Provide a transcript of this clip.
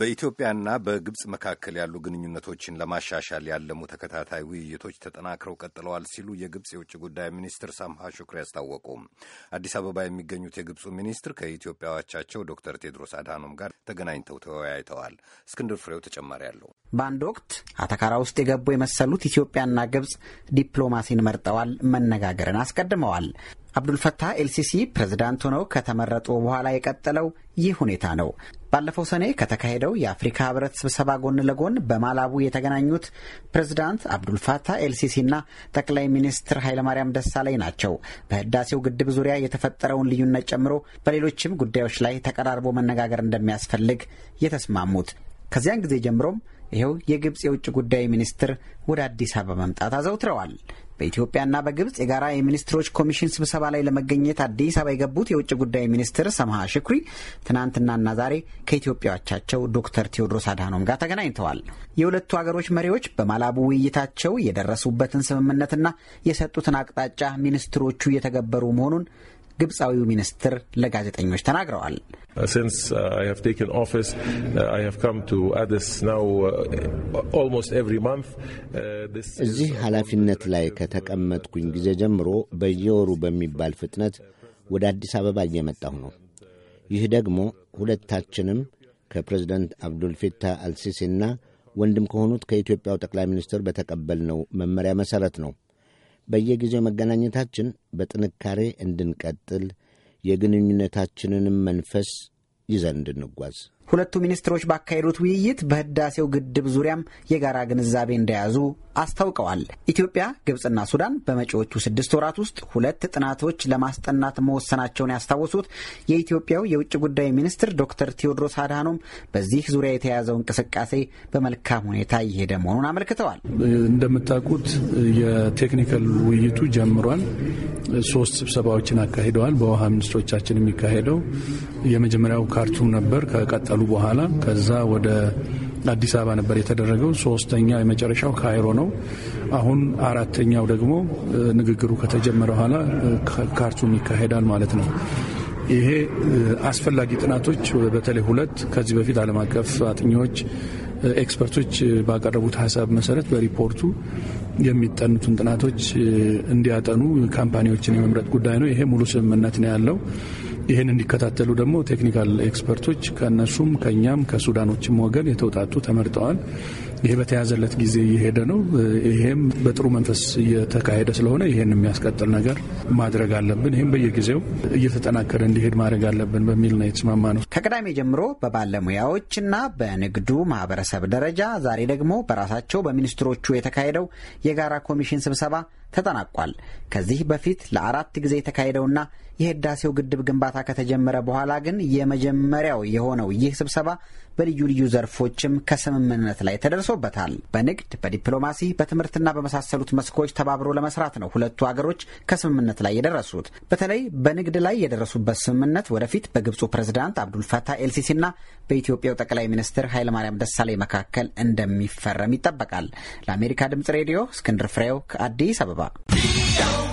በኢትዮጵያና በግብፅ መካከል ያሉ ግንኙነቶችን ለማሻሻል ያለሙ ተከታታይ ውይይቶች ተጠናክረው ቀጥለዋል ሲሉ የግብፅ የውጭ ጉዳይ ሚኒስትር ሳምሃ ሹክሪ አስታወቁ። አዲስ አበባ የሚገኙት የግብፁ ሚኒስትር ከኢትዮጵያ አቻቸው ዶክተር ቴድሮስ አድሃኖም ጋር ተገናኝተው ተወያይተዋል። እስክንድር ፍሬው ተጨማሪ አለው። በአንድ ወቅት አተካራ ውስጥ የገቡ የመሰሉት ኢትዮጵያና ግብፅ ዲፕሎማሲን መርጠዋል፣ መነጋገርን አስቀድመዋል። አብዱልፈታህ ኤልሲሲ ፕሬዝዳንት ሆነው ከተመረጡ በኋላ የቀጠለው ይህ ሁኔታ ነው። ባለፈው ሰኔ ከተካሄደው የአፍሪካ ህብረት ስብሰባ ጎን ለጎን በማላቡ የተገናኙት ፕሬዝዳንት አብዱልፋታህ ኤልሲሲና ጠቅላይ ሚኒስትር ኃይለማርያም ደሳለኝ ናቸው። በህዳሴው ግድብ ዙሪያ የተፈጠረውን ልዩነት ጨምሮ በሌሎችም ጉዳዮች ላይ ተቀራርቦ መነጋገር እንደሚያስፈልግ የተስማሙት። ከዚያን ጊዜ ጀምሮም ይኸው የግብፅ የውጭ ጉዳይ ሚኒስትር ወደ አዲስ አበባ መምጣት አዘውትረዋል። በኢትዮጵያና በግብፅ የጋራ የሚኒስትሮች ኮሚሽን ስብሰባ ላይ ለመገኘት አዲስ አበባ የገቡት የውጭ ጉዳይ ሚኒስትር ሰምሃ ሽኩሪ ትናንትናና ዛሬ ከኢትዮጵያዎቻቸው ዶክተር ቴዎድሮስ አድሃኖም ጋር ተገናኝተዋል። የሁለቱ ሀገሮች መሪዎች በማላቡ ውይይታቸው የደረሱበትን ስምምነትና የሰጡትን አቅጣጫ ሚኒስትሮቹ እየተገበሩ መሆኑን ግብፃዊው ሚኒስትር ለጋዜጠኞች ተናግረዋል። uh, uh, uh, እዚህ ኃላፊነት ላይ ከተቀመጥኩኝ ጊዜ ጀምሮ በየወሩ በሚባል ፍጥነት ወደ አዲስ አበባ እየመጣሁ ነው። ይህ ደግሞ ሁለታችንም ከፕሬዝደንት አብዱልፌታህ አልሲሲና ወንድም ከሆኑት ከኢትዮጵያው ጠቅላይ ሚኒስትር በተቀበልነው መመሪያ መሠረት ነው። በየጊዜው መገናኘታችን በጥንካሬ እንድንቀጥል የግንኙነታችንንም መንፈስ ይዘን እንድንጓዝ ሁለቱ ሚኒስትሮች ባካሄዱት ውይይት በህዳሴው ግድብ ዙሪያም የጋራ ግንዛቤ እንደያዙ አስታውቀዋል። ኢትዮጵያ፣ ግብፅና ሱዳን በመጪዎቹ ስድስት ወራት ውስጥ ሁለት ጥናቶች ለማስጠናት መወሰናቸውን ያስታወሱት የኢትዮጵያው የውጭ ጉዳይ ሚኒስትር ዶክተር ቴዎድሮስ አድሃኖም በዚህ ዙሪያ የተያዘው እንቅስቃሴ በመልካም ሁኔታ እየሄደ መሆኑን አመልክተዋል። እንደምታውቁት የቴክኒካል ውይይቱ ጀምሯል። ሶስት ስብሰባዎችን አካሂደዋል። በውሃ ሚኒስትሮቻችን የሚካሄደው የመጀመሪያው ካርቱም ነበር። ከቀጠሉ በኋላ ከዛ ወደ አዲስ አበባ ነበር የተደረገው። ሶስተኛ የመጨረሻው ካይሮ ነው። አሁን አራተኛው ደግሞ ንግግሩ ከተጀመረ በኋላ ካርቱም ይካሄዳል ማለት ነው። ይሄ አስፈላጊ ጥናቶች በተለይ ሁለት ከዚህ በፊት ዓለም አቀፍ አጥኚዎች ኤክስፐርቶች ባቀረቡት ሀሳብ መሰረት በሪፖርቱ የሚጠኑትን ጥናቶች እንዲያጠኑ ካምፓኒዎችን የመምረጥ ጉዳይ ነው። ይሄ ሙሉ ስምምነት ነው ያለው። ይህን እንዲከታተሉ ደግሞ ቴክኒካል ኤክስፐርቶች ከእነሱም ከእኛም ከሱዳኖችም ወገን የተውጣጡ ተመርጠዋል። ይሄ በተያዘለት ጊዜ እየሄደ ነው። ይሄም በጥሩ መንፈስ እየተካሄደ ስለሆነ ይሄን የሚያስቀጥል ነገር ማድረግ አለብን። ይህም በየጊዜው እየተጠናከረ እንዲሄድ ማድረግ አለብን በሚል ነው የተስማማ ነው። ከቅዳሜ ጀምሮ በባለሙያዎችና በንግዱ ማህበረሰብ ደረጃ ዛሬ ደግሞ በራሳቸው በሚኒስትሮቹ የተካሄደው የጋራ ኮሚሽን ስብሰባ ተጠናቋል። ከዚህ በፊት ለአራት ጊዜ የተካሄደውና የህዳሴው ግድብ ግንባታ ከተጀመረ በኋላ ግን የመጀመሪያው የሆነው ይህ ስብሰባ በልዩ ልዩ ዘርፎችም ከስምምነት ላይ ተደርሶበታል። በንግድ፣ በዲፕሎማሲ፣ በትምህርትና በመሳሰሉት መስኮች ተባብሮ ለመስራት ነው ሁለቱ አገሮች ከስምምነት ላይ የደረሱት። በተለይ በንግድ ላይ የደረሱበት ስምምነት ወደፊት በግብፁ ፕሬዝዳንት አብዱልፈታህ ኤልሲሲና በኢትዮጵያው ጠቅላይ ሚኒስትር ኃይለማርያም ደሳለኝ መካከል እንደሚፈረም ይጠበቃል። ለአሜሪካ ድምጽ ሬዲዮ እስክንድር ፍሬው ከአዲስ አበባ 吧。